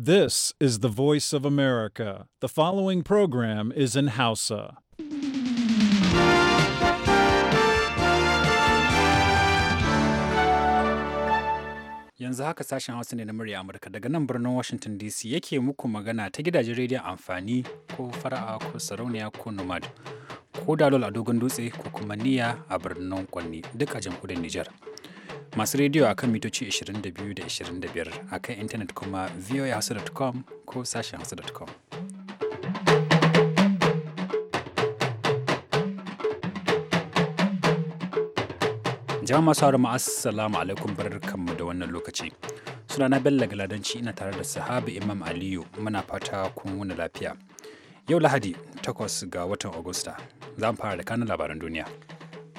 This is the voice of America. The following program is in Hausa. Yanzu haka sashen Hausa ne na murya Amurka daga nan birnin Washington DC yake muku magana ta gidajen rediyon amfani ko fara'a ko sarauniya ko nomad ko dalol a dogon dutse ko kuma niyya a birnin Kwanni duk a jamhuriyar Nijar. masu rediyo a kan mitoci 22 da 25 a kan intanet kuma voahasu.com ko sashen hasu.com. jama'a masu haru assalamu alaikum barkanmu da wannan lokaci sunana bello galadanci ina tare da sahabi imam aliyu muna fata kun lafiya yau lahadi 8 ga watan agusta za mu fara da kanin labaran duniya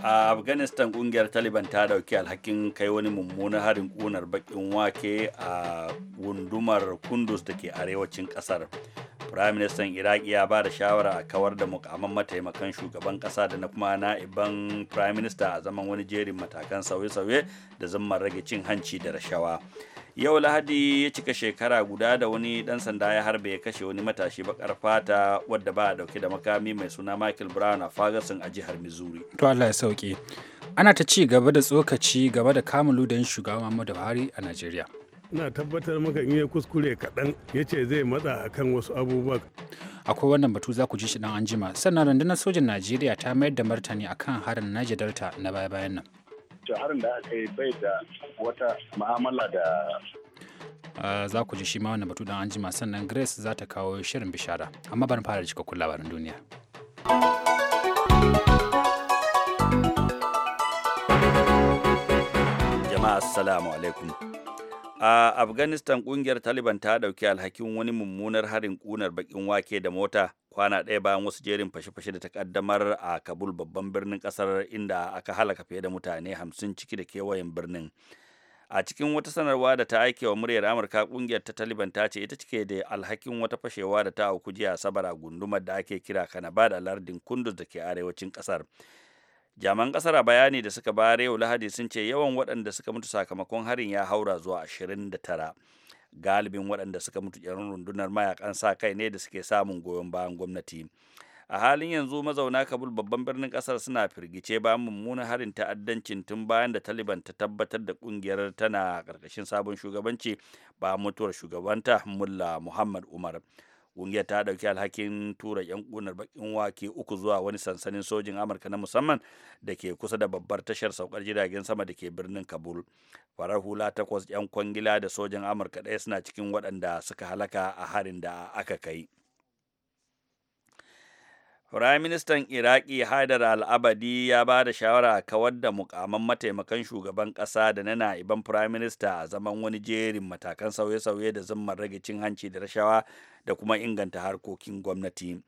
a afghanistan kungiyar taliban ta dauki alhakin kai wani mummunan harin kunar bakin wake a gundumar kundus da ke arewacin kasar prime minister iraki ya ba da shawara a kawar da mukamman mataimakan shugaban kasa da na kuma na'iban prime minister a zaman wani jerin matakan sauye-sauye da zaman rage cin hanci da rashawa yau lahadi ya cika shekara guda da wani dan sanda ya harbe ya kashe wani matashi bakar fata wadda ba a dauke da makami mai suna michael brown a ferguson a jihar missouri to allah ya sauke ana ta ci gaba da tsokaci gaba da kama ludan shugaban muhammadu buhari a najeriya ina tabbatar maka in ya kuskure kaɗan ya ce zai matsa akan wasu abubuwa akwai wannan batu za ku ji shi dan anjima sannan rundunar sojin najeriya ta mayar da martani akan harin niger delta na baya-bayan nan cewa harin da aka yi bai da wata ma'amala da ah, za ku ji shi ma wannan batu dan anjima sannan grace za ta kawo shirin bishara amma bari fara cikakkun labarin duniya jama'a assalamu alaikum a afghanistan ƙungiyar taliban ta ɗauki alhakin wani mummunar harin kunar bakin wake da mota kwana ɗaya bayan wasu jerin fashe-fashe da ta kaddamar a kabul babban birnin ƙasar inda aka halaka fiye da mutane hamsin ciki da kewayen birnin a cikin wata sanarwa da ta aike wa muryar amurka ƙungiyar ta taliban ta ce ita cike da alhakin wata fashewa da ta auku jiya sabar a gundumar da ake kira kanabada da lardin kunduz da ke arewacin ƙasar jaman ƙasar a bayani da suka bayar yau lahadi sun ce yawan waɗanda suka mutu sakamakon harin ya haura zuwa da tara. galibin waɗanda suka mutu 'yan rundunar mayakan sa kai ne da suke samun goyon bayan gwamnati a halin yanzu mazauna kabul babban birnin kasar suna firgice ba mummunan harin ta'addancin tun bayan da taliban ta tabbatar da kungiyar tana karkashin sabon shugabanci ba mutuwar shugabanta mulla muhammad umar ƙungiyar ta dauki alhakin tura 'yan kunar bakin wake uku zuwa wani sansanin sojin amurka na musamman da ke kusa da babbar tashar saukar jiragen sama da ke birnin kabul farar hula takwas 'yan kwangila da sojin amurka ɗaya suna cikin waɗanda suka halaka a harin da aka kai Firaministan Iraki Haidar Al-Abadi ya ba da shawara a kawar da mukaman mataimakan shugaban ƙasa da na na'iban firaminista a zaman wani jerin matakan sauye-sauye da zumar rage cin hanci da rashawa da kuma inganta harkokin gwamnati.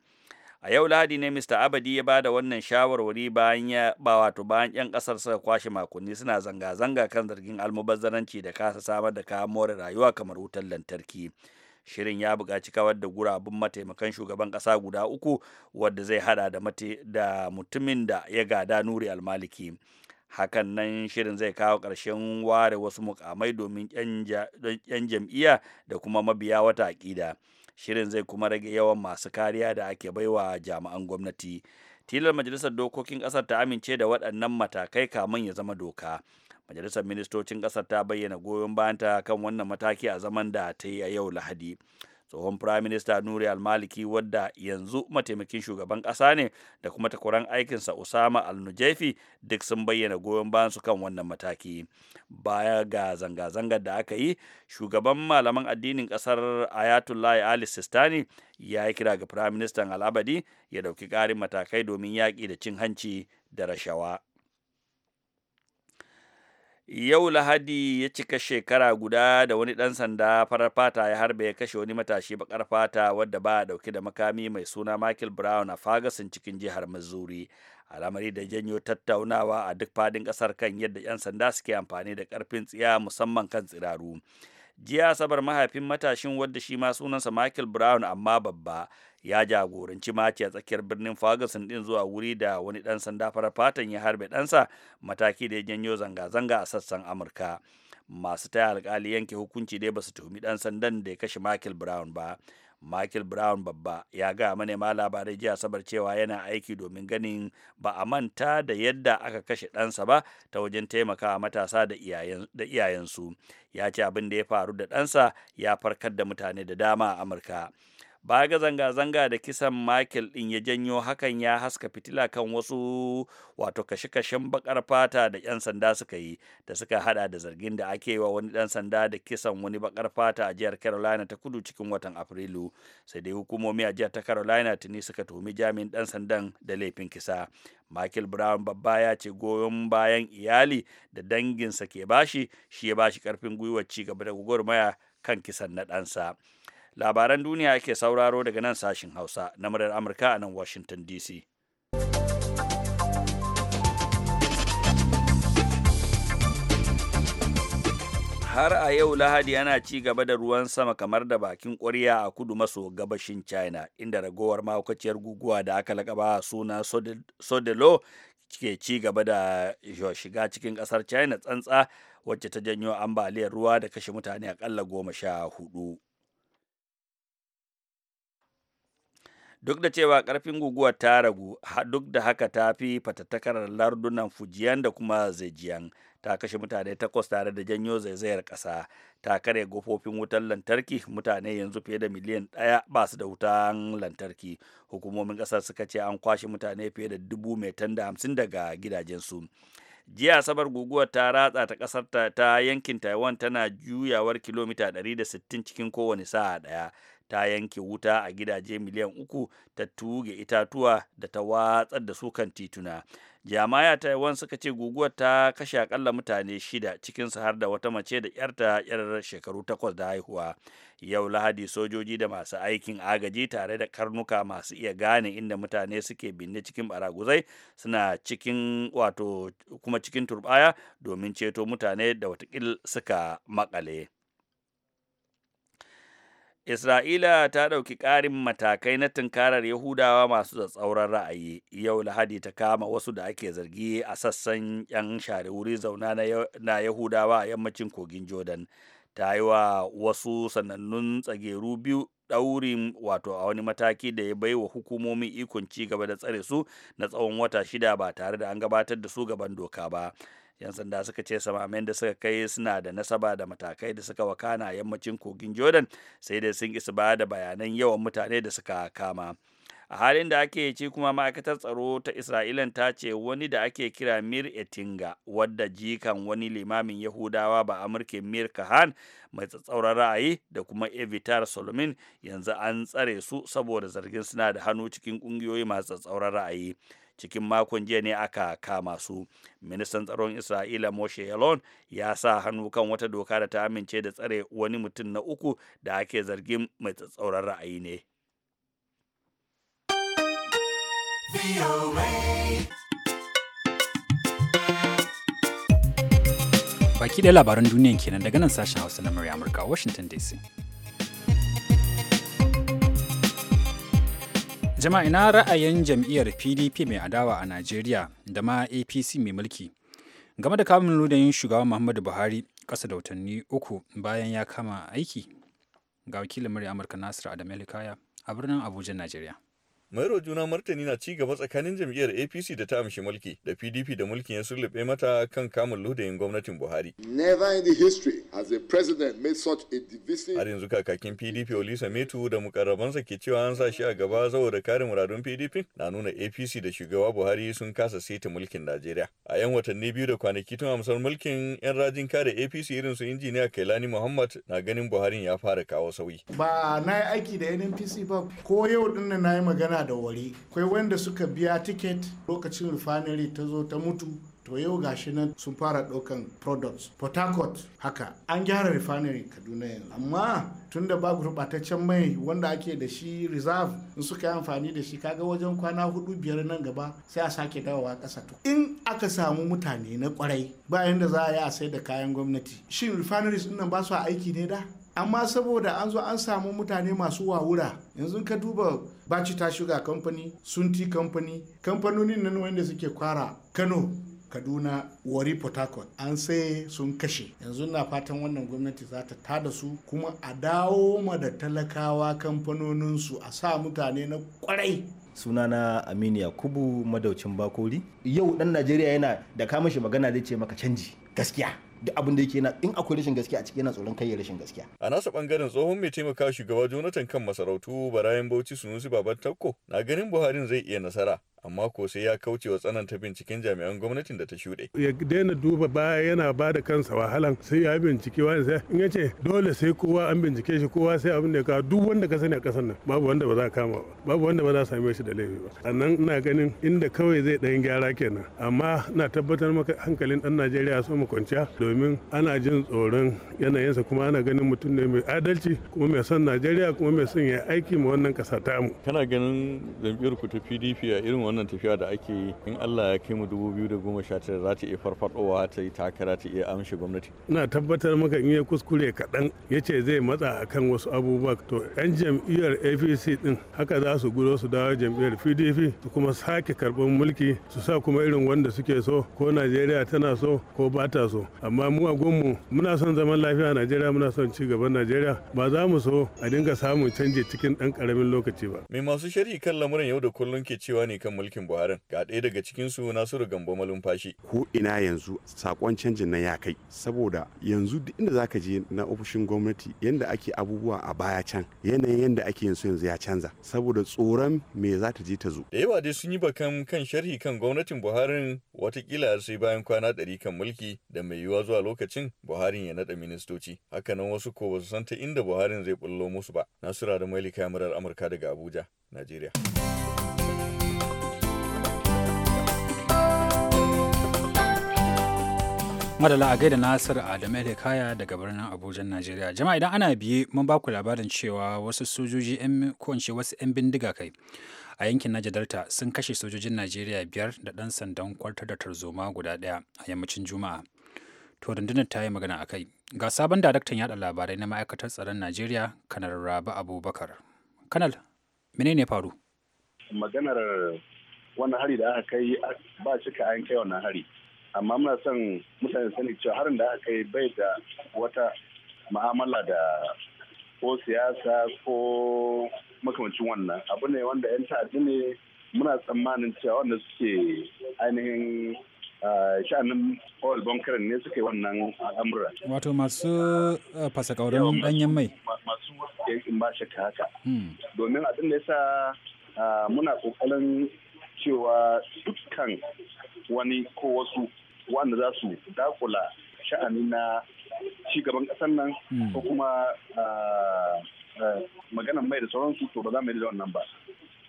A yau Lahadi ne Mr. Abadi ya ba da wannan shawarwari bayan ya ba wato bayan 'yan ƙasar suka kwashe makonni suna zanga-zanga kan zargin almubazzaranci da kasa samar da kayan more rayuwa kamar wutar lantarki. shirin ya buƙaci kawar da gurabun mataimakan shugaban ƙasa guda uku wadda zai hada da da mutumin da ya gada nuri almaliki hakan nan shirin zai kawo ƙarshen ware wasu mukamai domin 'yan jam'iyya da kuma mabiya wata aƙida shirin zai kuma rage yawan masu kariya da ake baiwa jami'an gwamnati tilar majalisar dokokin ƙasar ta amince da waɗannan matakai kamun ya zama doka majalisar ministocin ƙasar ta bayyana goyon bayanta kan wannan mataki a zaman da ta yi a yau lahadi tsohon firaminista nuri almaliki wadda yanzu mataimakin shugaban ƙasa ne da kuma takwaran aikinsa usama alnujefi duk sun bayyana goyon bayan su kan wannan mataki baya ga zanga-zangar da aka yi shugaban malaman addinin ƙasar ayatollah ali sistani ya yi kira ga firaministan al'abadi ya ɗauki ƙarin matakai domin yaƙi da cin hanci da rashawa yau lahadi ya cika shekara guda da wani ɗan sanda farar fata ya harbe ya kashe wani matashi bakar fata wadda ba a ɗauke da makami mai suna michael brown a ferguson cikin jihar missouri al'amari da janyo tattaunawa a duk fadin ƙasar kan yadda 'yan sanda suke amfani da ƙarfin tsiya musamman kan tsiraru jiya asabar mahaifin matashin wadda shi ma sunansa michael brown amma babba ya jagoranci maci a tsakiyar birnin ferguson din zuwa wuri da wani dan sanda farar fatan ya harbe ɗansa mataki da ya janyo zanga-zanga a sassan amurka masu taya alkali yanke hukunci dai basu tuhumi dan sandan da ya kashe michael brown ba michael brown babba ya ga manema labarai jiya sabar cewa yana aiki domin ganin ba a manta da yadda aka kashe ɗansa ba ta wajen taimakawa matasa da iyayensu ya ce abin da ya faru da ɗansa ya farkar da mutane da dama a amurka baya ga zanga-zanga da kisan Michael ɗin ya janyo hakan ya haska fitila kan wasu wato kashe-kashen bakar fata da 'yan sanda suka yi da suka hada da zargin da ake wa wani ɗan sanda da kisan wani bakar fata a jihar Carolina ta kudu cikin watan Afrilu sai dai hukumomi a jihar ta Carolina tuni suka tuhumi jami'in ɗan sandan da laifin kisa. Michael Brown babba ya ce goyon bayan iyali da danginsa ke bashi shi ya bashi karfin gwiwar ci gaba da gwagwarmaya kan kisan na ɗansa. labaran duniya ke sauraro daga nan sashin hausa na murar amurka a nan washington dc har a yau lahadi ana ci gaba da ruwan sama kamar da bakin ƙwarya a kudu maso gabashin china inda ragowar mahaukaciyar guguwa da aka lakaba suna sodelo ke ci gaba da shiga cikin ƙasar china tsantsa wacce ta janyo ambaliyar ruwa da kashe mutane akalla goma sha hudu duk da cewa karfin guguwar ta ragu duk da haka ta fi fatattakarar lardunan fujiyan da kuma zaijiyan ta kashe mutane takwas tare da janyo zaizayar kasa, ta karya gofofin wutar lantarki mutane yanzu fiye da miliyan ɗaya ba su da wutan lantarki hukumomin ƙasar suka ce an kwashe mutane fiye da dubu mai tanda hamsin daga gidajensu jiya asabar guguwar ta ratsa ta kasar ta, ta yankin taiwan tana juyawar kilomita 160 cikin kowane sa'a ɗaya. ta yanke wuta a gidaje miliyan uku ta tuge itatuwa da ta watsar da su kan tituna jami'a taiwan suka ce guguwar ta kashe akalla mutane shida cikinsu har da wata mace da yarta yar shekaru takwas da haihuwa yau lahadi sojoji da masu aikin agaji tare da karnuka masu iya gane inda mutane suke binne cikin baraguzai suna cikin wato kuma cikin turbaya domin ceto mutane da watakil suka makale. Isra'ila ta ɗauki ƙarin matakai na tunkarar Yahudawa masu tsauran ra'ayi yau Lahadi ta kama wasu da ake zargi a sassan 'yan share wuri zauna na Yahudawa a yammacin kogin Jordan. Ta yi wa wasu sanannun tsageru biyu ɗaurin wato a wani mataki da ya baiwa hukumomin ikon ci gaba da tsare su na tsawon wata shida ba tare da an gabatar da su gaban doka ba yan sanda suka ce samamen da suka kai suna da nasaba da matakai da suka wakana a yammacin kogin jordan sai dai sun isa ba da bayanan yawan mutane da suka kama a halin da ake ci kuma ma'aikatar tsaro ta isra'ilan ta ce wani da ake kira mir etinga wadda jikan wani limamin yahudawa ba amurke mir kahan mai tsatsauran ra'ayi da kuma evitar solomon yanzu an tsare su saboda zargin suna da hannu cikin kungiyoyi masu tsatsauran ra'ayi cikin makon jiya ne aka kama su ministan tsaron isra'ila moshe yalon ya sa hannu kan wata doka da ta amince da tsare wani mutum na uku da ake zargin mai tsatsauran ra'ayi ne baki da labaran duniyan kenan daga nan sashen hausa na murya amurka washington dc jama'a ina ra'ayin jam'iyyar pdp mai adawa a najeriya da ma apc mai mulki game da kamun ludayin shugaban muhammadu buhari ƙasa da watanni uku bayan ya kama aiki ga wakilin murya amurka nasiru adam kaya a birnin abuja najeriya Mairo juna martani na ci gaba tsakanin jam'iyyar APC da ta amshi mulki da PDP da mulkin ya sulube mata kan kamun ludayin gwamnatin Buhari. Never in the history has a president made such a divisive Har yanzu kakakin PDP Olisa Metu da mukarrabansa ke cewa an sa shi a gaba saboda kare muradun PDP na nuna APC da shugaba Buhari sun kasa saita mulkin Najeriya. A 'yan watanni biyu da kwanaki tun amsar mulkin 'yan rajin kare APC irin su injiniya Kailani Muhammad na ganin Buharin ya fara kawo sauyi. Ba na yi aiki da npc ba ko yau din na yi magana da wari akwai wanda suka biya tiket lokacin refinery ta zo ta mutu to yau gashi nan sun fara ɗaukan products port harcourt haka an gyara refinery kaduna yanzu amma tun da ba gurɓataccen mai wanda ake da shi reserve in suka yi amfani da shi kaga wajen kwana hudu biyar nan gaba sai a sake dawowa ƙasa to in aka samu mutane na kwarai bayan da za a yi a sai da kayan gwamnati shin refineries sun nan ba su aiki ne da amma saboda an zo an samu mutane masu wawura yanzu ka duba bacita sugar company sunti company kamfanonin nan wanda suke kwara kano kaduna wari port an sai sun kashe yanzu na fatan wannan gwamnati za ta tada su kuma a dawo ma da talakawa kamfanoninsu a sa mutane na kwarai sunana aminu yakubu madaucin bakori yau dan najeriya yana da kamashi magana zai ce maka canji gaskiya duk abin da yake na in akwai rashin gaskiya a cikin yana tsoron kai rashin gaskiya a nasa bangaren tsohon mai taimaka shugaba Jonathan kan masarautu Barayin Bauchi Sunusi Baban Takko na ganin Buharin zai iya nasara amma ko sai ya kauce wa tsananta binciken jami'an gwamnatin da ta shuɗe. ya daina duba baya yana ba da kansa wahalan sai ya bincike wani sai in yace dole sai kowa an bincike shi kowa sai abin da ya kawo duk wanda ka sani a ƙasar nan babu wanda ba za a kama ba babu wanda ba za a same shi da laifi ba sannan ina ganin inda kawai zai ɗan gyara kenan amma na tabbatar maka hankalin ɗan najeriya so mu kwanciya domin ana jin tsoron yanayinsa kuma ana ganin mutum ne mai adalci kuma mai son najeriya kuma mai son ya aiki ma wannan ƙasa tamu. kana ganin jam'iyyar ku ta pdp a irin wannan tafiya da ake yi in Allah ya kai mu 2019 za ta iya farfadowa ta yi takara ta iya amshi gwamnati ina tabbatar maka in ya kuskure kaɗan ya ce zai matsa a kan wasu abubuwa to 'yan jam'iyyar apc ɗin haka za su gudo su dawo jam'iyyar pdp su kuma sake karɓar mulki su sa kuma irin wanda suke so ko najeriya tana so ko ba ta so amma mu a gunmu muna son zaman lafiya a najeriya muna son ci gaban najeriya ba za mu so a dinga samun canji cikin ɗan ƙaramin lokaci ba mai masu shari'i kan lamuran yau da kullum ke cewa ne kan mulkin Buharin. Ga ɗaya daga cikinsu Nasiru Gambo Malumfashi. Ko ina yanzu sakon canjin na ya kai saboda yanzu duk inda zaka je na ofishin gwamnati yanda ake abubuwa a baya can yanayin yanda ake yanzu yanzu ya canza saboda tsoron me za ta je ta zo. Da yawa dai sun yi bakan kan sharhi kan gwamnatin Buharin watakila sai bayan kwana ɗari kan mulki da mai yiwuwa zuwa lokacin Buharin ya naɗa ministoci. Hakanan wasu ko ba su san ta inda Buharin zai bullo musu ba. nasiru da Maili kamarar Amurka daga Abuja, Najeriya. madala a gaida nasir adam kaya daga birnin abuja najeriya jama'a idan ana biye mun baku labarin cewa wasu sojoji ko ce wasu 'yan bindiga kai a yankin naja sun kashe sojojin najeriya biyar da ɗan sandan kwartar da tarzoma guda daya a yammacin juma'a to rundunar ta yi magana a kai ga sabon daraktan yada labarai na ma'aikatar tsaron najeriya kanar rabi abubakar kanal menene faru maganar wannan hari da aka kai ba shi ka an kai wannan hari amma muna son mutane sani cewa harin da aka yi bai da wata ma'amala da ko siyasa ko makamancin wannan abu ne wanda 'yan ta'addi ne muna tsammanin cewa wanda suke ainihin sha'anin oil bunkering ne suke wannan al'amura. Wato masu eh, fasakauran danyen mai. Masu yankin ba shakka haka. Hmm. Domin abin da yasa muna kokarin cewa dukkan wani ko wasu wanda za su dakula sha'ani na cigaban ƙasar nan hmm. ko kuma ah, ah, maganan mai da sauransu to ba za mu yi da wannan ba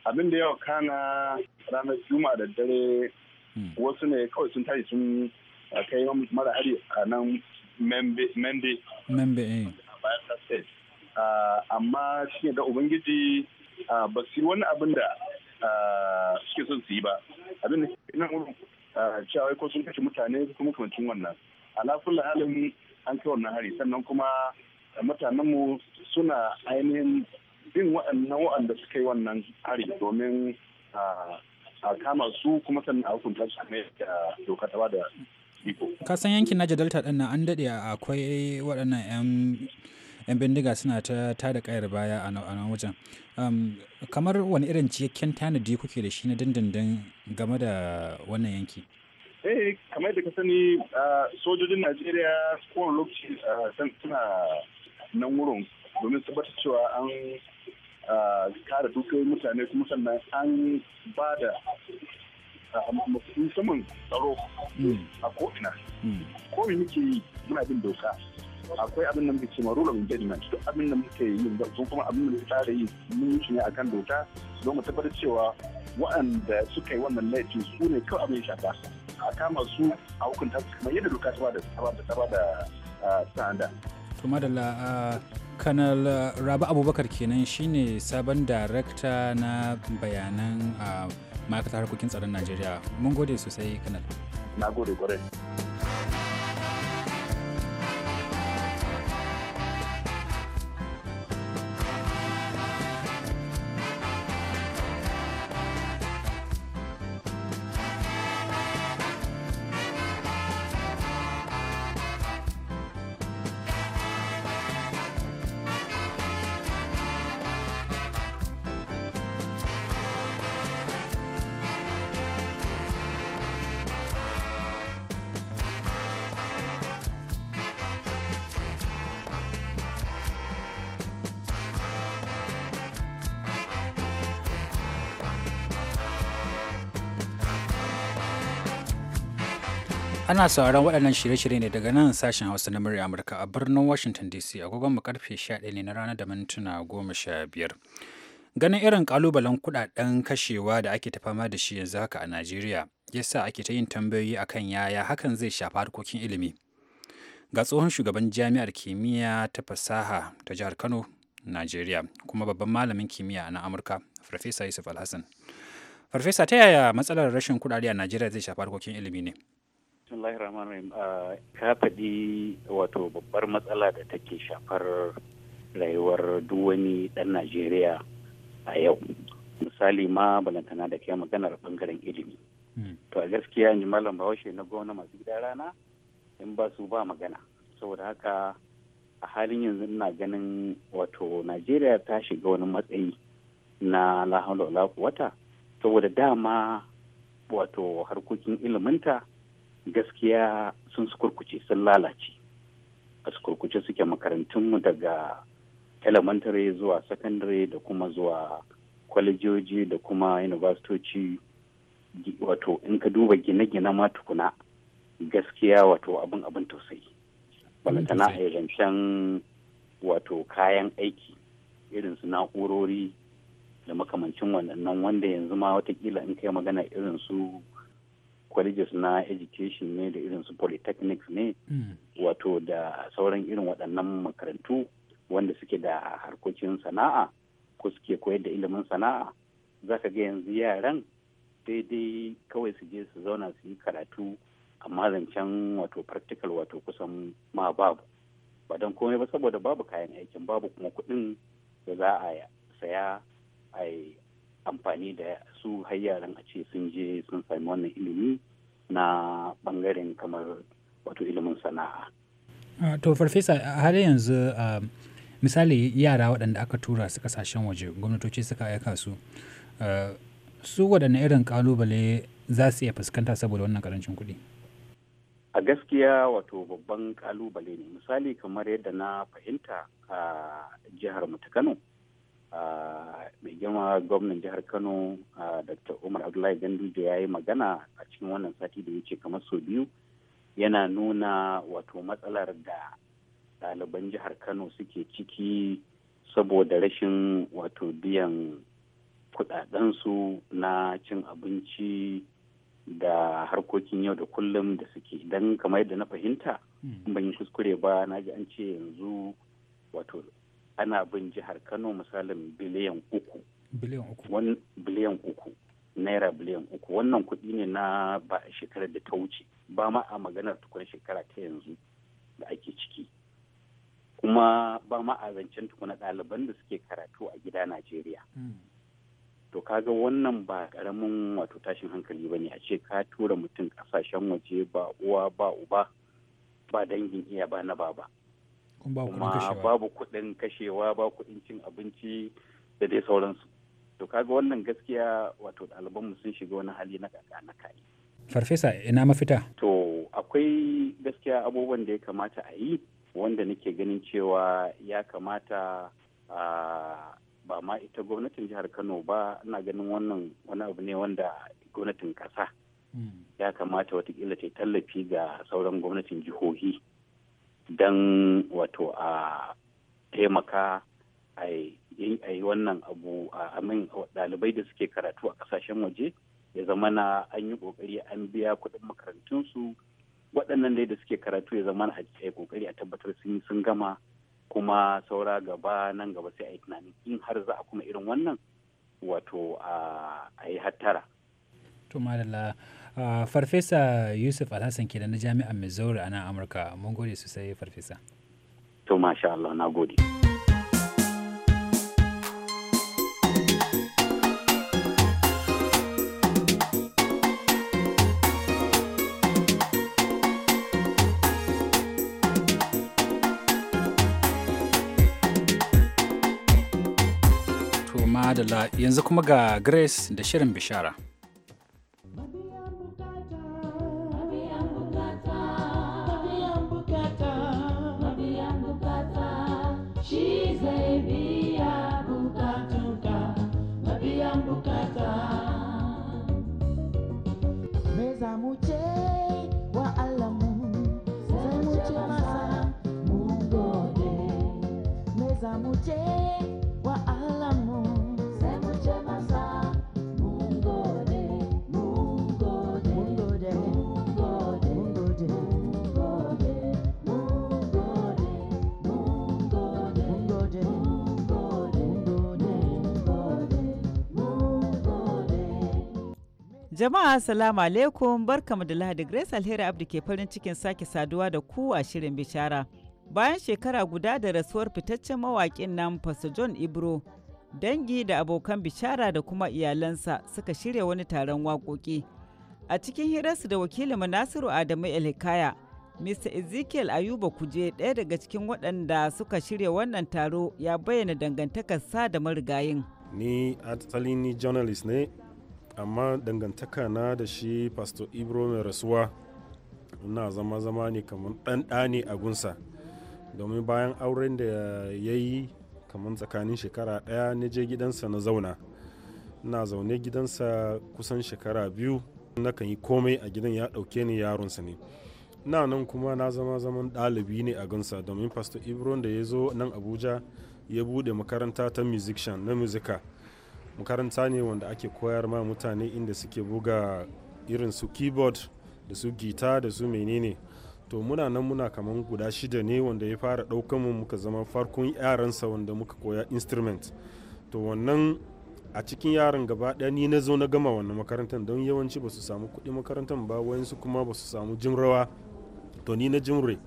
abin da yawa kana ranar Juma da dare hmm. wasu ne kawai sun tashi sun ah, kai mara hari a nan membe membe eh. amma shi da ubangiji ba su yi wani abin da suke son su yi ba abin da cewa ko sun kashe mutane su kuma kamancin wannan alafulla halin an kai wannan hari sannan kuma mutanenmu suna ainihin bin waɗannan waɗanda suka yi wannan hari domin a kama su kuma sannan a hukunta su ne da doka ta da iko. Ka san yankin na Delta ɗin nan an daɗe akwai waɗannan 'yan 'yan bindiga suna ta tada kayar baya a nan wajen kamar wani irin cikakken tanadi kuke da shi na dindindin game da wannan yanki eh kamar da ka sani sojojin najeriya kowane lokaci suna nan wurin domin tabbatar cewa an kare dukiyoyin mutane kuma sannan an ba da musamman tsaro hmm. a ko'ina hmm. ko muke yi muna bin doka akwai abin da muke cewa rule of engagement duk abin da muke yi sun kuma abin da muke tsara yi mun yi shi ne akan doka don mu tabbatar cewa waɗanda suka yi wannan laifi su ne kawai abin shafa a kama su a hukunta su kamar yadda doka ta ba da sa'anda. to madalla kanal rabi abubakar kenan shine sabon darakta na bayanan ma'aikatar harkokin tsaron najeriya mun gode sosai kanal na gode gore Ana sauran waɗannan shirye-shirye ne daga nan sashen Hausa na murya Amurka a birnin Washington DC agogon mu karfe 11 ne na rana da mintuna 15. Ganin irin kalubalen kudaden kashewa da ake tafama da shi yanzu haka a Najeriya, yasa ake ta yin tambayoyi akan yaya hakan zai shafi harkokin ilimi. Ga tsohon shugaban jami'ar kimiyya ta fasaha ta jihar Kano, Najeriya, kuma babban malamin kimiyya na Amurka, Farfesa Yusuf Alhassan. Farfesa ta yaya matsalar rashin kudade a Najeriya zai shafi harkokin ilimi ne? bismillahir rahim ka faɗi wato babbar matsala da take shafar rayuwar duk wani ɗan najeriya a yau misali ma balantana da kai maganar ɓangaren ilimi hmm. to a gaskiya ni malam bahaushe na gwamna masu gida rana in ba su ba magana saboda haka a halin yanzu ina ganin wato najeriya ta shiga wani matsayi na lahaula wata saboda dama wato harkokin iliminta gaskiya sun kurkuce sun lalace a su kurkuce suke makarantunmu daga elementary zuwa secondary da kuma zuwa kwalejoji da kuma universitoci wato in ka duba gine-gine ma tukuna gaskiya wato abin abin tausayi balantana a zancen wato kayan aiki irin su na'urori da makamancin waɗannan wanda yanzu ma watakila in kai magana irin su colleges na education ne da irin su polytechnics ne hmm. wato da sauran irin waɗannan makarantu wanda suke da harkokin sana'a ko suke koyar da ilimin sana'a za ka ga yanzu yaran daidai kawai su je su zauna su yi karatu amma zancen wato practical wato kusan ma babu ba don komai ba saboda babu kayan aikin babu kuma kuɗin da za a saya a amfani da su har yaran a ce sun je sun sami wannan ilimi na bangaren kamar wato ilimin sana'a. Ah, to farfesa har yanzu ah, misali yara waɗanda aka tura su kasashen waje gwamnatoci suka aika su ah, su waɗanne irin kalubale za su iya fuskanta saboda wannan ƙarancin kuɗi a gaskiya wato babban ƙalubale ne misali kamar yadda na fahimta a jihar mu kano mai girma gwamnan jihar kano dr umar abdullahi ganduje ya yi magana a cikin wannan sati da ya ce kamar sau biyu yana nuna wato matsalar da ɗaliban jihar kano suke ciki saboda rashin wato biyan kudadensu na cin abinci da harkokin yau da kullum da suke idan kamar yadda na fahimta hmm. ban yi kuskure ba na ji an ce yanzu wato ana bin jihar kano misalin biliyan uku biliyan uku naira biliyan uku wannan kuɗi ne na ba shekarar da ta wuce ba ma a maganar tukun shekara ta yanzu da ake ciki kuma ba ma a zancen tukuna ɗaliban da suke karatu a gida najeriya hmm. to kaga wannan ba ƙaramin wato tashin hankali ba ne a ce ka tura mutum ƙasashen waje ba uwa ba uba ba dangin iya ba na baba kuma babu kuɗin kashewa ba kuɗin cin abinci da dai sauransu to kaga wannan gaskiya wato ɗalibanmu sun shiga wani hali na kaka na kai farfesa ina mafita to akwai gaskiya abubuwan da ya kamata a yi wanda nake ganin cewa ya kamata a ba ma ita gwamnatin jihar kano ba ina ganin wannan wani abu ne wanda gwamnatin kasa hmm. ya kamata watakila ta tallafi ga sauran gwamnatin jihohi don wato a taimaka a yi wannan abu a amin dalibai da suke karatu a kasashen waje ya zama na an yi ƙoƙari an biya kuɗin makarantunsu waɗannan dai da suke karatu ya zama a kokari a tabbatar sun sun gama kuma saura gaba nan gaba sai a yi tunanin in har za a kuma irin wannan wato a yi hattara. farfesa yusuf alhassan kenan na jami'ar missouri a nan amurka mun gode sosai farfesa to masha allah na gode yanzu kuma ga Grace da Shirin Bishara. Jama'a salamu alaikum barkamu da Lahadi Grace Alheri Abdi ke farin cikin sake saduwa da ku a shirin bishara. Bayan shekara guda da rasuwar fitaccen mawaƙin nan Pastor John Ibro, dangi da abokan bishara da kuma iyalansa suka shirya wani taron waƙoƙi. A cikin hirarsu da wakilin Nasiru Adamu Elhikaya, Mr. Ezekiel Ayuba Kuje ɗaya daga cikin waɗanda suka shirya wannan taro ya bayyana dangantakarsa da marigayin. Ni asali ni journalist ne amma dangantaka na da shi pastor ibro mai rasuwa ina zama zama ne kamar ɗan ne a gunsa domin bayan auren da ya yi kamar tsakanin shekara ɗaya na je gidansa na zauna ina zaune gidansa kusan shekara biyu na kan yi komai a gidan ya ɗauke ni yaronsa ne na nan kuma na zama zaman ɗalibi ne a gansa domin pastor ibro da ya zo nan abuja ya buɗe makaranta ta musician na musika makaranta ne wanda ake koyar ma mutane inda suke buga irin su keyboard da su gita da su menene to muna nan muna kaman guda shida ne wanda ya fara ɗaukan mu muka zama farkon yaransa wanda muka koya instrument to wannan a cikin yaran gaba ɗaya ni na zo na gama wannan makarantar don yawanci ba su samu kuɗi makarantar ba wayansu kuma ba su samu jimrawa to ni na jimre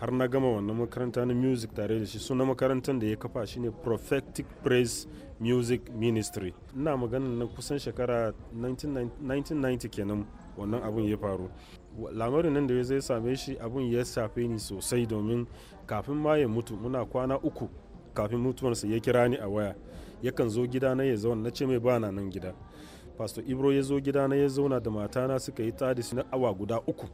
har na gama wannan makaranta na music tare da shi suna makarantar da ya kafa shi ne prophetic praise music ministry ina magana na kusan shekara 1990 kenan wannan abun ya faru lamarin nan da ya zai same shi abun ya safe ni sosai domin kafin ma ya mutu muna kwana uku kafin mutuwarsa ya kira ni a waya yakan zo gida na ya zauna na ce mai bana nan gida pastor ibro ya zo gida na ya zauna da matana suka yi tadis na awa guda uku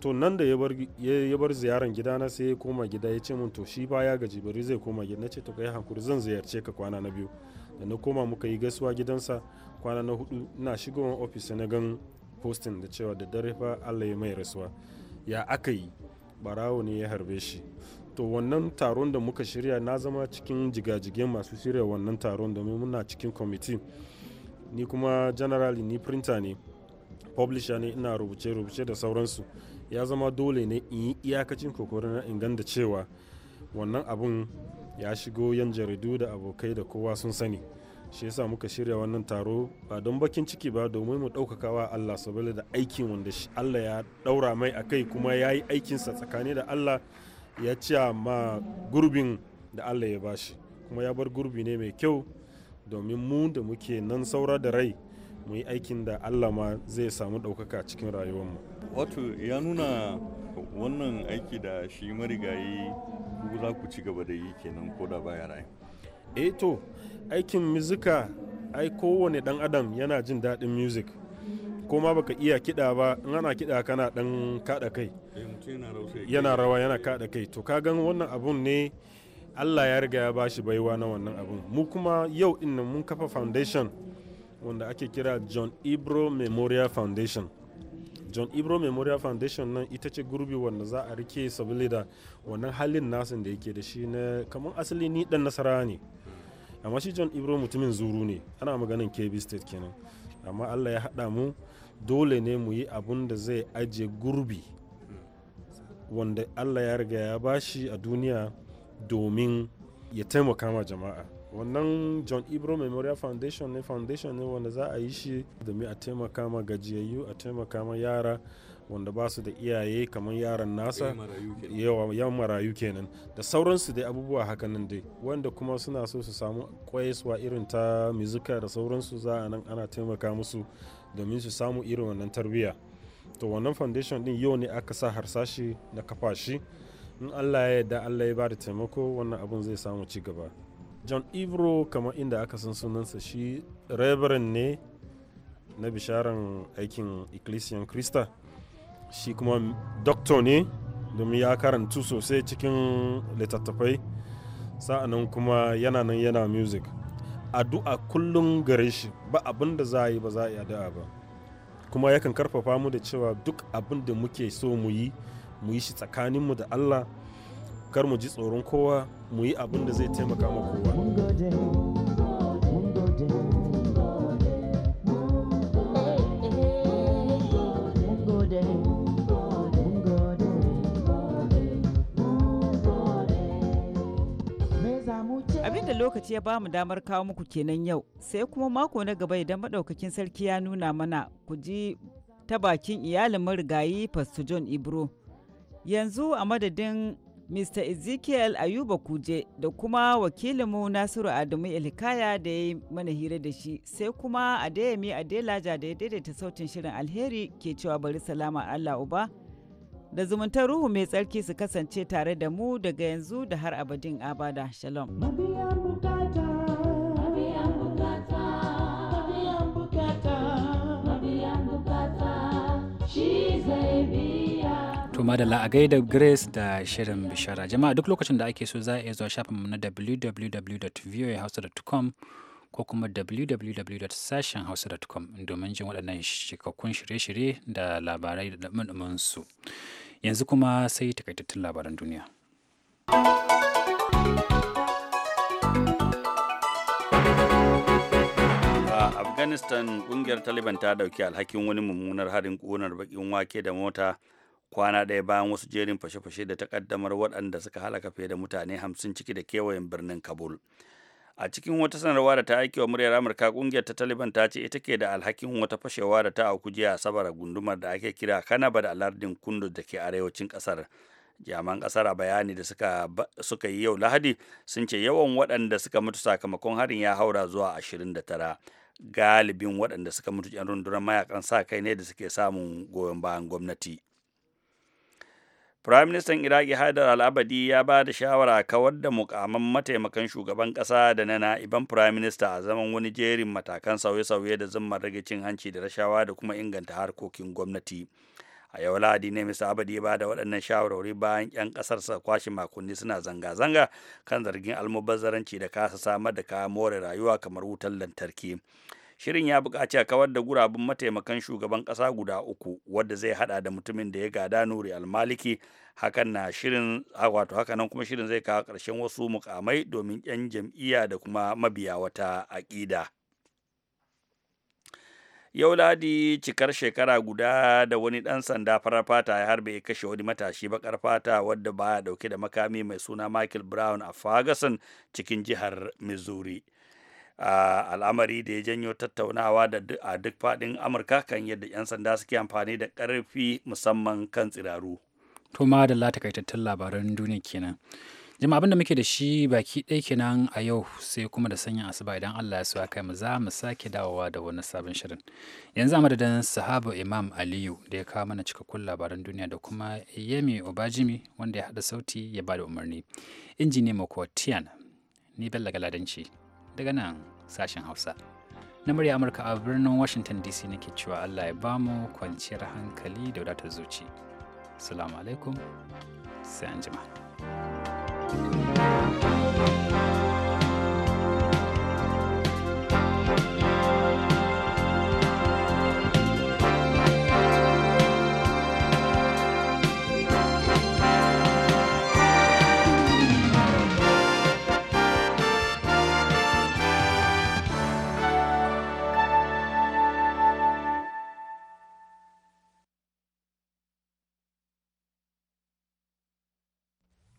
to nan da ya bar ziyaran na sai ya koma gida ya ce min to shi baya ya gaji bari zai koma gida na ce to kai hankuri zan ziyarce ka kwana na biyu da na koma muka yi gaisuwa gidansa kwana na hudu ina shigowa ofis na gan postin da cewa da dare fa Allah ya mai rasuwa ya aka yi barawo ne ya harbe shi to wannan taron da muka shirya na zama cikin jigajigen masu shirya wannan taron domin muna cikin kwamiti ni kuma generally ni printer ne publisher ne ina rubuce-rubuce da sauransu ya zama dole ne in yi iyakacin kokarin na inganta cewa wannan abun ya shigo yan jaridu da abokai da kowa sun sani shi yasa muka shirya wannan taro ba don bakin ciki ba domin mu ɗaukaka wa Allah saboda da aikin wanda Allah ya ɗaura mai a kai kuma ya yi aikinsa tsakani da Allah ya ci ma gurbin da Allah ya bashi kuma ya bar gurbi ne mai kyau domin mu da muke nan saura da rai mu yi aikin da Allah ma zai samu ɗaukaka cikin rayuwar mu. wato ya nuna wannan aiki da shi marigayi ku za ku ci gaba da yi kenan ko da baya rai eh to aikin muzika ai kowane dan adam yana jin daɗin music ko ma baka iya kiɗa ba in ana kiɗa kana ɗan kaɗa kai eh, yana rawa yana kaɗa kai to ka gan wannan abun ne allah ya riga ya bashi baiwa na wannan abun mu kuma yau ɗin mun kafa foundation wanda ake kira john ibro memorial foundation john ibro memorial foundation nan ita ce gurbi wanda za a rike da wannan halin nasin da yake da shi na kamar asali ni dan nasara ne amma shi john ibro mutumin zuru ne ana maganin kb state kenan amma allah ya haɗa mu dole ne mu yi abun da zai ajiye gurbi wanda allah ya riga ya bashi a duniya domin ya taimaka ma jama'a wannan john ibro memorial foundation ne foundation ne wanda za a yi shi domin a taimaka ma gajiyayyu a taimaka ma yara wanda ba su da iyaye kamar yaran nasa yawan marayu kenan da sauransu dai abubuwa hakanan dai wanda kuma suna so su samu kwayaswa irin ta mizika da sauransu za a nan ana taimaka musu domin su samu irin wannan tarbiyya to wannan foundation din yau ne aka sa harsashi na kafa shi in allah ya yarda allah ya ba da taimako wannan abun zai samu ci gaba john ivro kamar inda aka san sunansa shi reverend ne na bisharan aikin ecclesian krista shi kuma doctor ne domin ya karantu sosai cikin littattafai sa'anan kuma yana nan yana music addu'a kullum gare shi ba abin da za a yi ba za a yi addu'a ba kuma yakan karfafa mu da cewa duk abin da muke so mu yi mu yi shi tsakaninmu da allah kar mu ji tsoron kowa mu yi abin da zai taimaka ma kowa abinda lokaci ya bamu damar kawo muku kenan yau sai kuma mako na gaba idan madaukakin sarki ya nuna mana ku ji ta bakin iyalin marigayi pastor john ibro yanzu a madadin Mr. Ezekiel Ayuba Kuje da kuma wakilinmu Nasiru Adamu Ilikaya da ya yi mana hira da shi sai kuma Adeyemi Adelaja da ya daidaita sautin shirin alheri ke cewa bari salama Allah Uba da zumuntar ruhu mai tsarki su kasance tare da mu daga yanzu da har abadin abada. Shalom. madalla a gaida grace da shirin bishara jama'a duk lokacin da ake so za a iya zuwa mu na www.voahouse.com ko kuma www.sashenhouse.com domin jin waɗannan shikakkun shirye-shirye da labarai da su yanzu kuma sai takaitattun labaran duniya a afghanistan ƙungiyar taliban ta ɗauki alhakin wani mummunar harin ƙunar bakin wake da mota kwana ɗaya bayan wasu jerin fashe-fashe da takaddamar waɗanda suka halaka fiye da mutane hamsin ciki da kewayen birnin kabul a cikin wata sanarwa da ta aiki wa muryar amurka kungiyar ta taliban ta ce ita ke da alhakin wata fashewa da ta auku jiya asabar a gundumar da ake kira kanaba da alardin kundu da ke arewacin kasar jaman kasar a bayani da suka, yi yau lahadi sun ce yawan waɗanda suka mutu sakamakon harin ya haura zuwa ashirin da tara galibin waɗanda suka mutu yan rundunar mayakan sa kai ne da suke samun goyon bayan gwamnati Firaministan Iraki Haidar Al-Abadi ya ba da shawara kawar da mukaman mataimakan shugaban ƙasa da na na'iban firaminista a zaman wani jerin matakan sauye-sauye da zimmar rage cin hanci da rashawa da kuma inganta harkokin gwamnati. A yau Lahadi ne Mr. Abadi ya ba da waɗannan shawarwari bayan 'yan ƙasarsa kwashe makonni suna zanga-zanga kan zargin almubazzaranci da kasa samar da kayan more rayuwa kamar wutar lantarki. shirin ya bukaci a kawar da gurabin mataimakan shugaban ƙasa guda uku wadda zai hada da mutumin da ya gada nuri almaliki hakan na shirin wato hakanan kuma shirin zai kawo ƙarshen wasu mukamai domin 'yan jam'iyya da kuma mabiya wata aƙida yau ladi cikar shekara guda da wani ɗan sanda farar fata ya harbe ya kashe wani matashi bakar fata wadda baya dauke da makami mai suna michael brown a ferguson cikin jihar missouri al'amari da ya janyo tattaunawa a duk faɗin amurka kan yadda 'yan sanda suke amfani da ƙarfi musamman kan tsiraru to ma da tattalin labaran duniya kenan jima abinda muke da shi baki ɗaya kenan a yau sai kuma da sanyin asuba idan Allah ya suwa kai mu za mu sake dawowa da wani sabon shirin yanzu a madadin sahaba imam aliyu da ya kawo mana cikakkun labaran duniya da kuma yemi obajimi wanda ya haɗa sauti ya bada umarni injini mako ne ni bella galadanci daga nan sashen Hausa. Na murya Amurka a birnin Washington DC nake cewa Allah ya ba mu kwanciyar hankali da wadatar zuci. Assalamu alaikum, sai an jima. thank you